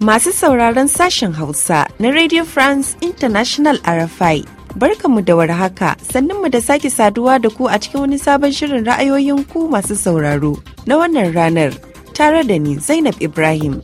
Masu sauraron sashen Hausa na Radio France International RFI. Barkanmu da warhaka, mu da sake saduwa da ku a cikin wani sabon shirin ra'ayoyin ku masu sauraro na wannan ranar tare da ni Zainab Ibrahim.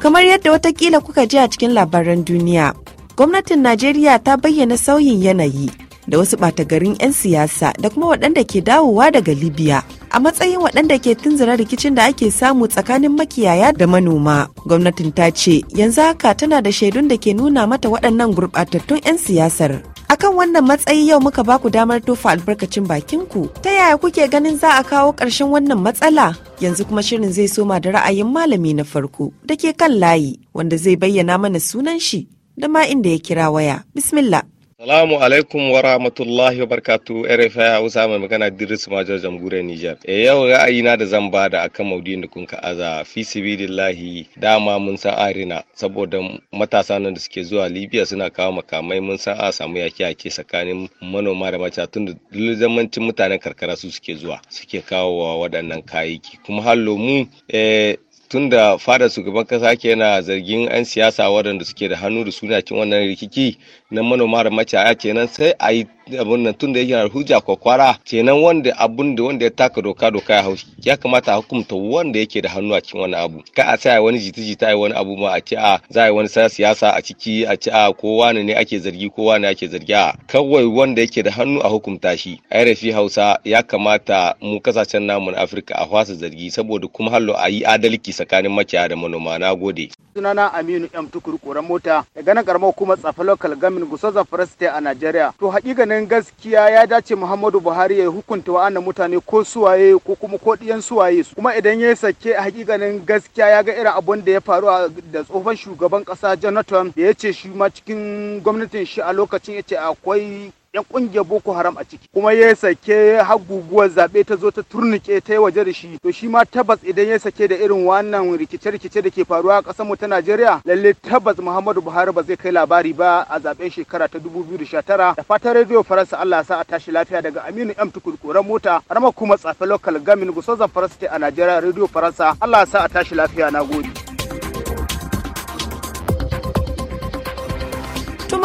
Kamar yadda watakila kuka ji a cikin labaran duniya, gwamnatin najeriya ta bayyana sauyin yanayi da wasu ɓata garin 'yan siyasa da kuma waɗanda ke dawowa daga libya a matsayin waɗanda ke tunzura rikicin da ake samu tsakanin makiyaya da manoma gwamnatin ta ce yanzu haka tana da shaidun da ke nuna mata waɗannan gurɓatattun 'yan siyasar akan wannan matsayi yau muka baku damar tofa albarkacin bakinku ta yaya kuke ganin za a kawo ƙarshen wannan matsala yanzu kuma shirin zai soma da ra'ayin malami na farko da ke kan layi wanda zai bayyana mana sunan shi da ma inda ya kira waya. Bismillah. Salamu alaikum wa rahmatullahi wa barkatu RFI Hausa mai magana Idris Major Jamhuriyar Nijar. E eh, yau ra'ayina da zan bada akan maudu'in da kun aza fi sibilillahi dama mun san arina saboda matasa nan da suke zuwa Libya suna kawo makamai mun san a samu yaki yaki tsakanin manoma da maca tun da zamancin mutanen karkara su suke zuwa suke kawo wa waɗannan kayayyaki kuma hallo mu eh, tunda fadar shugaban kasa ke na zargin 'yan siyasa waɗanda suke da hannu da suna cin wannan rikiki na manoma da macaya kenan sai a yi abin nan tunda yake na hujja kwakwara kenan wanda abun da wanda ya taka doka doka ya haushi ya kamata a hukunta wanda yake da hannu a cikin wani abu ka a sai wani jita-jita a wani abu ma a ci a za a yi wani siyasa a ciki a ci a kowa ne ne ake zargi kowa ne ake zargi a kawai wanda yake da hannu a hukunta shi a rafi hausa ya kamata mu kasashen namun afirka a fasa zargi saboda kuma hallo a yi adalci tsakanin makiya da manoma na gode sunana aminu m tukuru koran mota daga nan karamar hukumar tsafa local gamin gusoza foreste a nigeria to hakikanin gaskiya ya dace muhammadu buhari ya hukunta wa'annan mutane ko suwaye ko kuma ko ɗiyan suwaye kuma idan ya sake hakikanin gaskiya ya ga irin abun da ya faru da tsohon shugaban ƙasa jonathan da ya ce shi ma cikin gwamnatin shi a lokacin ya ce akwai 'yan ƙungiyar Boko Haram a ciki kuma ya sake har guguwar zaɓe ta zo ta turnike ta yi waje da shi to shi ma tabbas idan ya sake da irin wannan rikice-rikice da ke faruwa a ƙasarmu mu ta Najeriya lalle tabbas Muhammadu Buhari ba zai kai labari ba a zaɓen shekara ta 2019 da fatan rediyo Faransa Allah sa a tashi lafiya daga Aminu M Tukurkuren mota har kuma tsafe local gamin gusozan Faransa a Najeriya rediyo Faransa Allah sa a tashi lafiya na gode.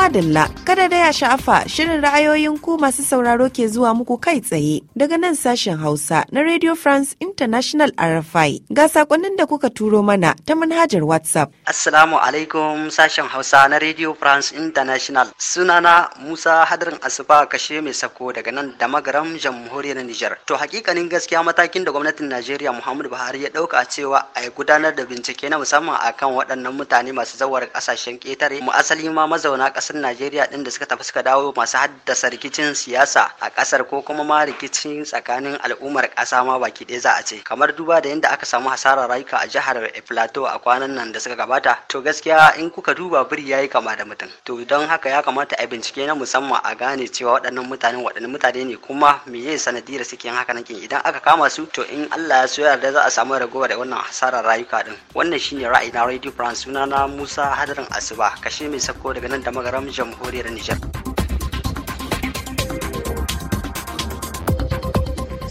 adalla kada da ya sha'afa shirin ra'ayoyin ku masu sauraro ke zuwa muku kai tsaye daga nan sashen hausa na radio france international rfi ga sakonnin da kuka turo mana ta manhajar whatsapp assalamu alaikum sashen hausa na radio france international sunana musa hadarin asuba kashe mai sako daga nan da magaram jamhuriyar niger to hakikanin gaskiya matakin da gwamnatin najeriya muhammadu buhari ya dauka cewa a gudanar da bincike na musamman akan waɗannan mutane masu zawar ƙasashen ƙetare mu asali ma mazauna ƙasar 'yan najeriya din da suka tafi suka dawo masu haddasa rikicin siyasa a kasar ko kuma ma rikicin tsakanin al'ummar kasa ma baki ɗaya za a ce kamar duba da yadda aka samu hasarar rayuka a jihar plateau a kwanan nan da suka gabata to gaskiya in kuka duba biri yayi yi kama da mutum to don haka ya kamata a bincike na musamman a gane cewa waɗannan mutanen waɗannan mutane ne kuma me ya sanadiyar suke yin haka nan idan aka kama su to in Allah ya so yarda za a samu ragowa da wannan hasarar rayuka din wannan shine ra'ayi na radio france sunana Musa Hadarin Asuba kashe mai sako daga nan da magaram jamhuriyar Nijar.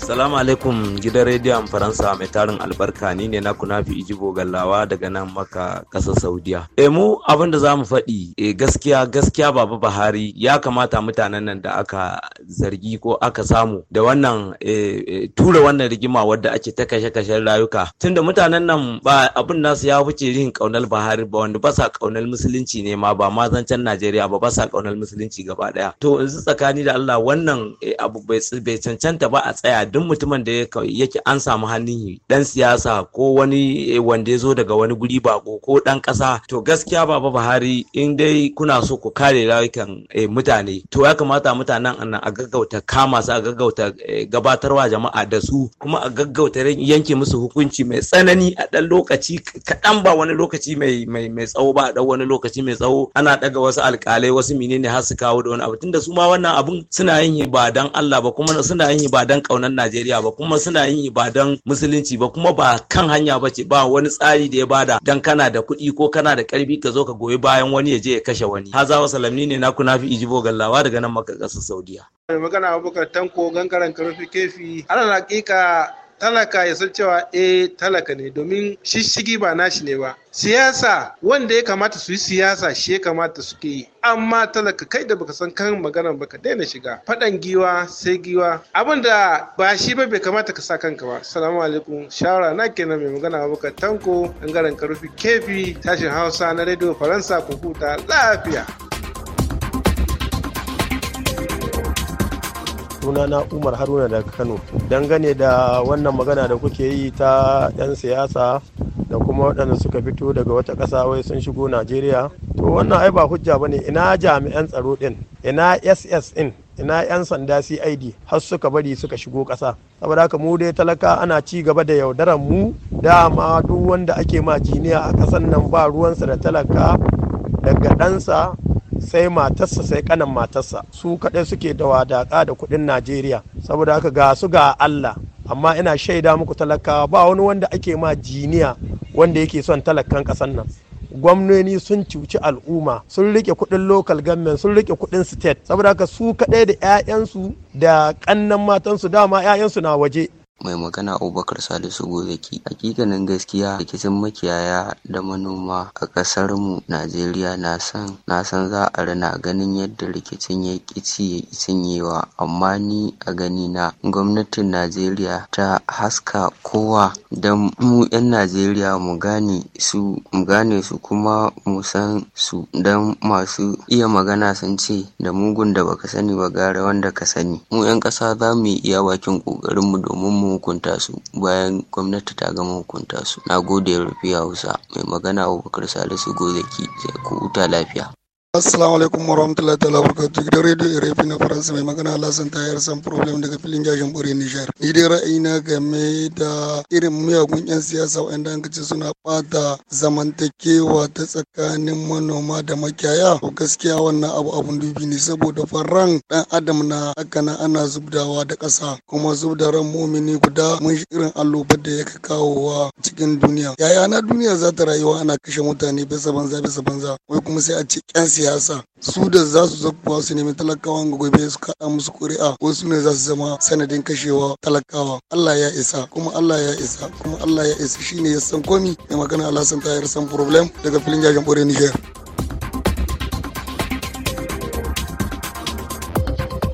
Salamu alaikum gidan rediyon Faransa mai tarin albarka ni ne na kunafi Ijibo Gallawa daga nan maka ƙasar Saudiya. E mu abin da za mu faɗi eh, gaskiya gaskiya Baba Buhari ya kamata mutanen nan da aka zargi ko aka samu da wannan eh, tura wannan rigima wadda ake ta kashe-kashen rayuka. Tunda mutanen nan ba abin nasu ya wuce yin kaunar Buhari ba wanda ba sa kaunar musulunci ne ma ba ma zancen Najeriya ba ba sa kaunar musulunci gaba ɗaya. To yanzu tsakani da Allah wannan abu bai cancanta ba a tsaya duk mutumin da yake an samu hannun dan siyasa ko wani eh, wanda ya zo daga wani guri bako ko dan kasa to gaskiya baba Buhari in dai kuna so ku kare rayukan eh, mutane to ya kamata mutanen nan a gaggauta kama su a gaggauta eh, gabatarwa jama'a da su kuma a gaggauta yanke musu hukunci mai tsanani a dan lokaci kaɗan ba wani lokaci mai tsawo ba a dan wani lokaci mai tsawo ana daga wasu alkalai wasu menene har su kawo da wani abu tunda su ma wannan abun suna yin ba dan Allah ba kuma suna yin ba dan kaunan Najeriya ba kuma suna yin ibadan musulunci ba kuma ba kan hanya ba ce ba wani tsari da ya bada dan kana da kuɗi ko kana da ƙarfi ka zo ka goyi bayan wani ya je ya kashe wani. Hazawa salamni ne na kunafi ijibo gallawa daga nan maka ƙasar Saudiya. Magana Abubakar Tanko gangaren karfi kefi. Ana hakika talaka ya san cewa eh talaka ne domin shishigi ba nashi ne ba siyasa wanda ya kamata su yi siyasa shi ya kamata suke yi amma talaka kai da baka san kan magana ba ka daina shiga faɗan giwa sai giwa abin da ba shi ba bai kamata ka sa kanka ba salamu alaikum shawara na kenan mai magana baka tanko bangaren karfi kefi tashin hausa na rediyo faransa kuku huta lafiya suna na umar haruna daga kano dangane da wannan magana da kuke yi ta 'yan siyasa da kuma waɗanda suka fito daga wata ƙasa wai sun shigo najeriya to wannan ai ba hujja ba ne ina jami'an tsaro ɗin ina ss in. ina 'yan sanda cid har suka bari suka shigo ƙasa saboda haka mu dai talaka ana ci gaba da yaudaran mu dama duk wanda ake ma jiniya a ƙasan nan ba ruwansa da talaka daga ɗansa sai matarsa sai kanan matarsa su kaɗai suke da wadaƙa da kuɗin najeriya saboda haka ga su ga allah amma ina shaida muku talakawa ba wani wanda ake ma jiniya wanda yake son talakan ƙasar nan gwamnoni sun cuci al'umma sun rike kuɗin local government sun rike kuɗin state saboda haka su kaɗai da 'ya'yansu da ƙannan matansu dama 'ya'yansu na waje Mai magana Abubakar Salisu Gozaki Haƙiƙanin gaskiya rikicin makiyaya da manoma a mu Najeriya na san na za a rina ganin yadda rikicin ya ƙi ya cinyewa amma ni a gani na. gwamnatin Najeriya ta haska kowa da mu 'yan Najeriya mu gane su mu gane su kuma mu san su dan masu iya magana sun ce da mugun da baka sani ba gara wanda ka sani mu 'yan ƙasa za mu iya bakin mu domin mu gama hukunta su bayan gwamnati ta gama hukunta su na gode rufi hausa mai magana abubakar salisu gozaki zai ku huta lafiya Assalamu alaikum rahmatullahi ta'ala barkatu da radio Irefi na Faransa mai magana ta Tayar San Problem daga filin jashin Bure Nijar. Ni dai ra'ayina game da irin miyagun 'yan siyasa waɗanda an kace suna ɓata zamantakewa ta tsakanin manoma da makiyaya. To gaskiya wannan abu abun dubi ne saboda faran dan adam na haka na ana zubdawa da kasa kuma zubda ran mumini guda mun irin allobar da yake kawowa cikin duniya. Yaya na duniya za ta rayuwa ana kashe mutane bisa banza bisa banza wai kuma sai a ce 'yan siyasa siyasa su da za su zakuwa su nemi talakawa gobe su kaɗa musu ƙuri'a wasu ne za su zama sanadin kashewa talakawa Allah ya isa kuma Allah ya isa kuma Allah ya isa shine ya san komi mai magana Alhassan Tayar san problem daga filin jajen ɓore Niger.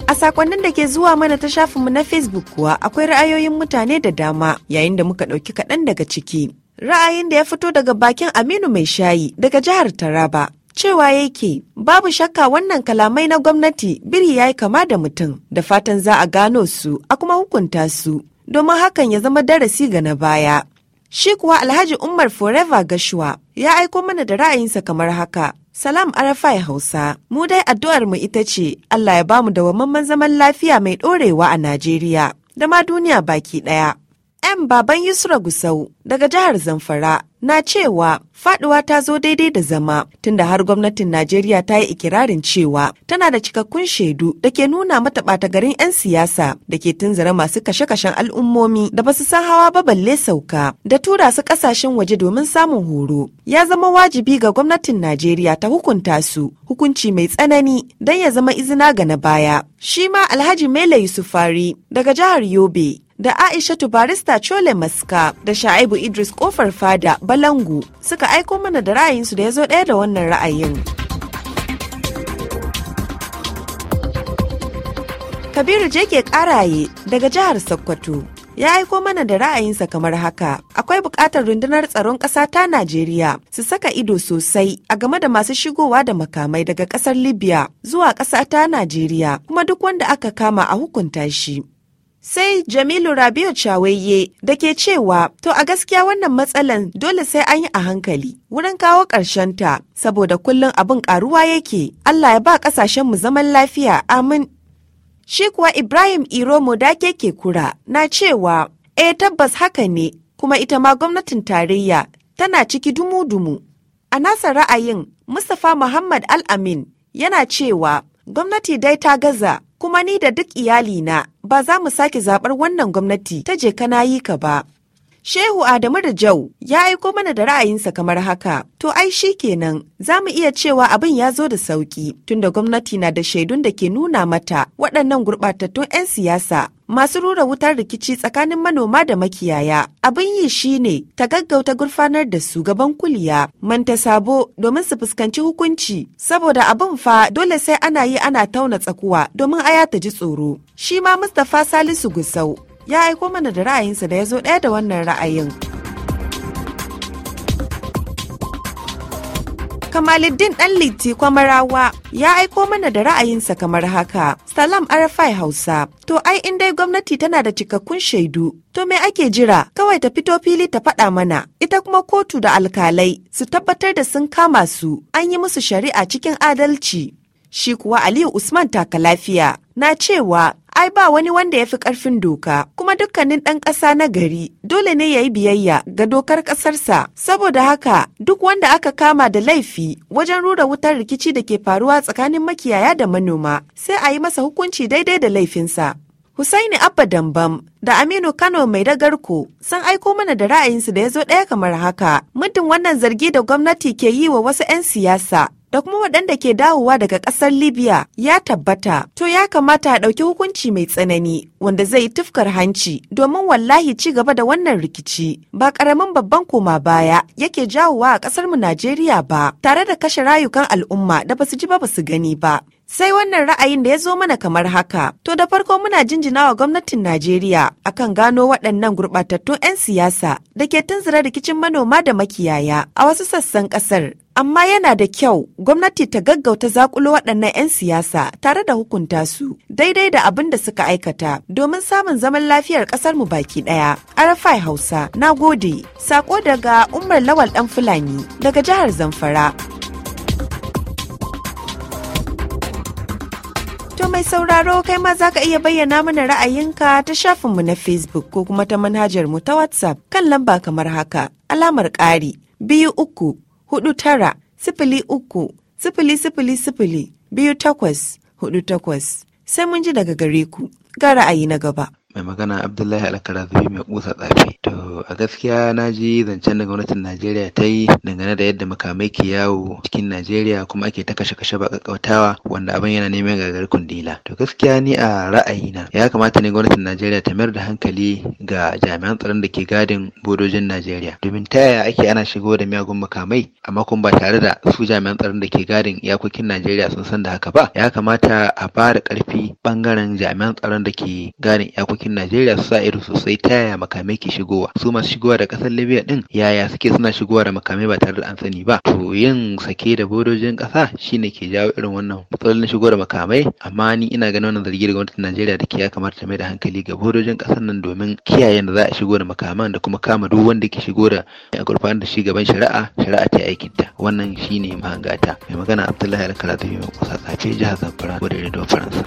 A sakonnin da ke zuwa mana ta shafinmu na Facebook kuwa akwai ra'ayoyin mutane da dama yayin da muka ɗauki kaɗan daga ciki. Ra'ayin da ya fito daga bakin Aminu Mai Shayi daga jihar Taraba cewa yake babu shakka wannan kalamai na gwamnati biri ya yi kama da mutum da fatan za a gano su a kuma hukunta su domin hakan ya zama darasi ga na baya shi kuwa alhaji umar forever gashuwa ya aiko mana da ra'ayinsa kamar haka salam arafai hausa mu dai addu'ar mu ita ce allah ya bamu da wamman zaman lafiya mai ɗorewa a najeriya da ma duniya baki ɗaya 'yan Baban Yusra Gusau daga jihar Zamfara na cewa faduwa ta zo daidai da zama tunda har gwamnatin Najeriya ta yi ikirarin cewa tana da cikakkun shaidu da ke nuna mata bata garin 'yan siyasa da ke tunzara masu kashe-kashen al'ummomi da basu san hawa ba balle sauka da tura su kasashen waje domin samun horo. Ya zama wajibi ga gwamnatin Najeriya ta hukunta su hukunci mai tsanani don ya zama izina ga na baya. Shi ma Alhaji Mele Yusufari daga jihar Yobe da Aishatu Barista Chole Maska da Sha'ibu Idris Kofar Fada Balangu suka aiko mana da ra'ayinsu da ya zo ɗaya da wannan ra'ayin. Kabiru ke Karaye daga jihar Sokoto ya aiko mana da ra'ayinsa kamar haka akwai buƙatar rundunar tsaron ƙasa ta najeriya su saka ido sosai a game da masu shigowa da makamai daga ƙasar libya zuwa ƙasa ta najeriya kuma duk wanda aka kama a hukunta shi Sai Jamilu Rabiu Chawaye da ke cewa to a gaskiya wannan matsalan dole sai an yi a hankali wurin kawo ta saboda kullum abin ƙaruwa yake Allah ya ba mu zaman lafiya amin. Shi kuwa Ibrahim Iromo da ke kura na cewa "Eh tabbas haka ne kuma ita ma gwamnatin tarayya tana ciki dumu-dumu. A nasa ra'ayin Mustapha Muhammad Al-Amin yana cewa Gwamnati dai ta gaza, kuma ni da duk iyalina ba za mu sake zabar wannan gwamnati ta je ka na yi ka ba. Shehu Adamu da Jau ya aiko mana da ra'ayinsa kamar haka. To ai shi kenan za mu iya cewa abin ya zo da sauƙi. tunda gwamnati na da shaidun da ke nuna mata waɗannan gurɓatattun 'yan siyasa masu rura wutar rikici tsakanin manoma da makiyaya abin yi shi ne. ta gaggauta gurfanar da su gaban kuliya manta sabo domin su fuskanci hukunci saboda abin fa dole sai ana yi ana tauna tsakuwa domin aya ta ji tsoro shi ma mustapha salisu gusau ya aiko mana da ra'ayinsa da ya zo ɗaya da wannan ra'ayin. Kamaluddin ɗan Litti Kwamarawa ya aiko mana da ra'ayinsa kamar haka. Salam Arafai Hausa, to ai in dai gwamnati tana da cikakkun shaidu, to me ake jira kawai ta fito fili ta faɗa mana, ita kuma kotu da alkalai su tabbatar da sun kama su, an yi musu shari'a cikin adalci. shi kuwa Aliyu Usman taka lafiya na cewa ai ba wani wanda ya fi ƙarfin doka kuma dukkanin ɗan ƙasa na gari dole ne ya yi biyayya ga dokar ƙasarsa saboda haka duk wanda aka kama da laifi wajen rura wutar rikici da ke faruwa tsakanin makiyaya da manoma sai a yi masa hukunci daidai da laifinsa Husaini Abba Dambam da Aminu Kano mai dagarko sun aiko mana da ra'ayinsu da ya zo ɗaya kamar haka. Muddin wannan zargi da gwamnati ke yi wa wasu 'yan siyasa da kuma waɗanda ke dawowa daga ƙasar Libya ya tabbata, to ya kamata a ɗauki hukunci mai tsanani wanda zai tufkar hanci domin wallahi ci gaba da wannan rikici ba ƙaramin babban koma baya yake jawowa a ƙasar mu Najeriya ba tare da kashe rayukan al'umma da basu ji ba basu gani ba. Sai wannan ra'ayin da ya zo mana kamar haka, to da farko muna jinjina wa gwamnatin Najeriya akan gano waɗannan gurɓatattun 'yan siyasa da ke tunzura rikicin manoma da makiyaya a wasu sassan ƙasar amma yana da kyau gwamnati ta gaggauta zakulo waɗannan 'yan siyasa tare da hukunta su daidai da abin da suka aikata domin samun zaman lafiyar ƙasar mu baki ɗaya. Arafai Hausa, na gode, sako daga Umar Lawal ɗan Fulani daga jihar Zamfara. To mai sauraro kai ma za ka iya bayyana mana ra'ayinka ta shafinmu na Facebook ko kuma ta manhajar mu ta WhatsApp kan lamba kamar haka alamar ƙari biyu uku hudu tara sifili uku sifili sifili sifili biyu takwas hudu takwas sai mun ji daga gare ku ga ra'ayi na gaba. da magana abdullahi alkarazubi mai kusa tsafi to a gaskiya na ji zancen da gwamnatin najeriya ta yi dangane da yadda makamai ke yawo cikin najeriya kuma ake ta kashe kashe ba wanda abin yana neman gagar kundila to gaskiya ni a ra'ayina ya kamata ne gwamnatin najeriya ta mayar da hankali ga jami'an tsaron da ke gadin bodojin najeriya domin ta yaya ake ana shigo da miyagun makamai amma kuma ba tare da su jami'an tsaron da ke gadin iyakokin najeriya sun san da haka ba ya kamata a ba da ƙarfi ɓangaren jami'an tsaron da ke gadin iyakokin gwamnatin Najeriya su sa ido sosai ta yaya makamai ke shigowa su masu shigowa da kasar Libya din yaya suke suna shigowa da makamai ba tare da an sani ba to yin sake da bodojin kasa shine ke jawo irin wannan matsalolin shigo da makamai amma ni ina ganin wannan zargi da gwamnatin Najeriya da ke ya kamata ta mai da hankali ga bodojin kasar nan domin kiyaye da za a shigo da makaman da kuma kama duk wanda ke shigo da a gurfanar da shi gaban shari'a shari'a ta aikin ta wannan shine mahangata mai magana Abdullahi Alkalatu mai kusa kace jihar Zamfara ko da Radio Faransa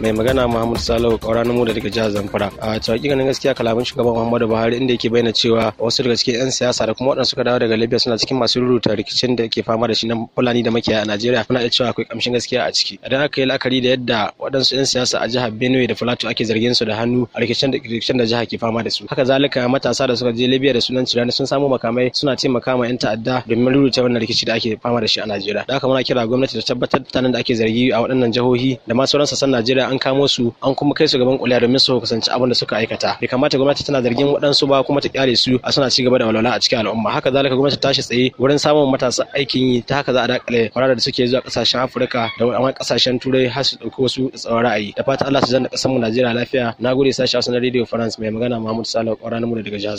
mai magana Muhammadu Salihu Kaura na da daga jihar Zamfara a tsaki ganin gaskiya kalamin shugaban Muhammadu Buhari inda yake bayyana cewa wasu daga cikin 'yan siyasa da kuma waɗanda suka dawo daga Libya suna cikin masu rubuta rikicin da ke fama da shi na Fulani da makiyaya a Najeriya muna iya cewa akwai kamshin gaskiya a ciki idan aka yi la'akari da yadda waɗansu 'yan siyasa a jihar Benue da Filato ake zargin su da hannu a rikicin da jihar ke fama da su haka zalika matasa da suka je Libya da sunan cirani sun samu makamai suna taimaka ma 'yan ta'adda domin rubuta wannan rikici da ake fama da shi a Najeriya da haka muna kira gwamnati ta tabbatar da da ake zargi a waɗannan jihohi da ma sauran sassan Najeriya an kamo su an kuma kai su gaban kuliya domin su kasance abin da suka aikata bai kamata gwamnati tana zargin waɗansu ba kuma ta kyale su a suna ci gaba da walwala a cikin al'umma haka zalika gwamnati ta tashi tsaye wurin samun matasa aikin yi ta haka za a dakale kwararra da suke zuwa kasashen afirka da waɗannan kasashen turai har su dauko su tsawon ra'ayi da fata allah su zanna kasar mu najeriya lafiya na gode sashi hausa na radio france mai magana mahmud salo kwarar mu daga jihar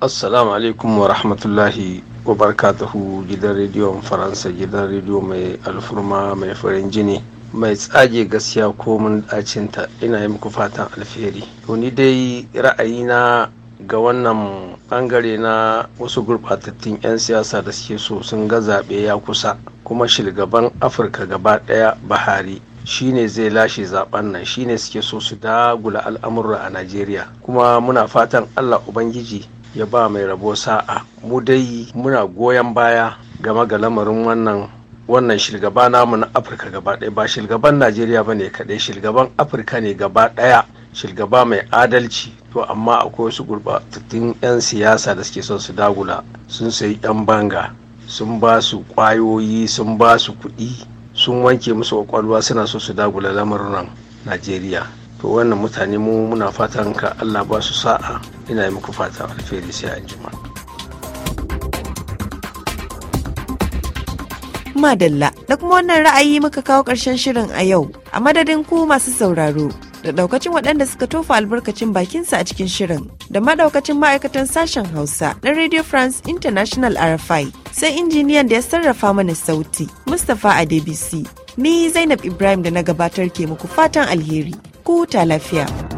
assalamu alaikum wa rahmatullahi wa barakatuhu gidan rediyon faransa gidan rediyo mai alfurma mai farin jini mai tsage gaskiya ko mun dacinta ina yi muku fatan alheri to ni dai ra'ayina ga wannan bangare na wasu gurbatattun 'yan siyasa da suke so sun ga zaɓe ya kusa kuma shilgaban afirka gaba ɗaya buhari shine zai lashe zaben nan shine suke so su dagula al'amurra a najeriya kuma muna fatan allah ubangiji ya ba mai rabo sa'a mu dai muna goyon baya game ga lamarin wannan wannan shilgaba namu na afirka gaba ɗaya ba shilgaban najeriya ba ne kaɗai shilgaban afirka ne gaba ɗaya shilgaba mai adalci to amma akwai wasu gurɓatattun 'yan siyasa da suke son su dagula sun sayi 'yan banga sun ba su ƙwayoyi sun ba su kuɗi sun wanke musu ƙwaƙwalwa suna so su dagula lamarin najeriya to wannan mutane mu muna fatan ka allah ba su sa'a ina yi muku fata alheri sai anjima. kuma dalla da kuma wannan ra'ayi muka kawo ƙarshen shirin a yau a madadin ku masu sauraro da daukacin waɗanda suka tofa albarkacin bakinsa a cikin shirin da maɗaukacin ma'aikatan sashen hausa na radio france international rfi sai injiniyan da ya sarrafa mana sauti mustapha adebisi ni zainab ibrahim da na gabatar ke muku fatan alheri ku ta lafiya.